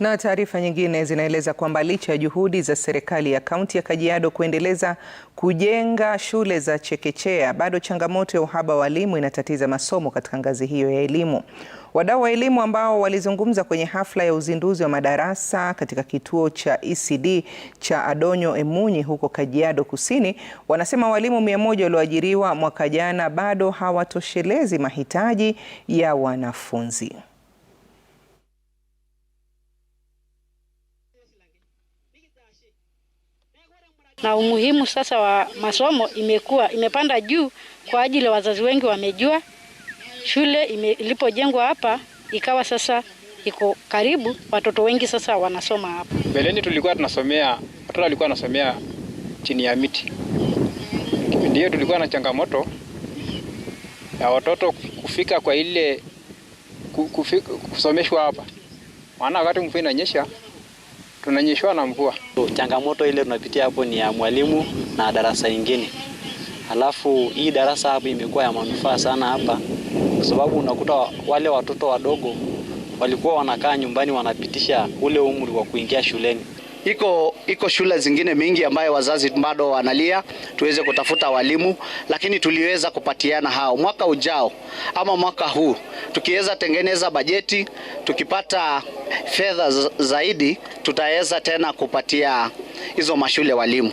Na taarifa nyingine zinaeleza kwamba licha ya juhudi za serikali ya kaunti ya Kajiado kuendeleza kujenga shule za chekechea, bado changamoto ya uhaba wa walimu inatatiza masomo katika ngazi hiyo ya elimu. Wadau wa elimu ambao walizungumza kwenye hafla ya uzinduzi wa madarasa katika kituo cha ECD cha Adonyo Emunyi huko Kajiado Kusini wanasema walimu 100 walioajiriwa mwaka jana bado hawatoshelezi mahitaji ya wanafunzi. na umuhimu sasa wa masomo imekuwa imepanda juu kwa ajili ya wazazi wengi wamejua. Shule ilipojengwa hapa ikawa sasa iko karibu, watoto wengi sasa wanasoma hapa. Mbeleni tulikuwa tunasomea, watoto walikuwa wanasomea chini ya miti. Kipindi hiyo tulikuwa na changamoto ya watoto kufika kwa ile kusomeshwa hapa, maana wakati mvua inanyesha tunanyeshwa na mvua. Changamoto ile tunapitia hapo ni ya mwalimu na darasa ingine, alafu hii darasa hapo imekuwa ya manufaa sana hapa, kwa sababu unakuta wale watoto wadogo walikuwa wanakaa nyumbani, wanapitisha ule umri wa kuingia shuleni. Iko, iko shule zingine mingi ambayo wazazi bado wanalia tuweze kutafuta walimu, lakini tuliweza kupatiana hao. Mwaka ujao ama mwaka huu tukiweza tengeneza bajeti tukipata fedha zaidi tutaweza tena kupatia hizo mashule walimu.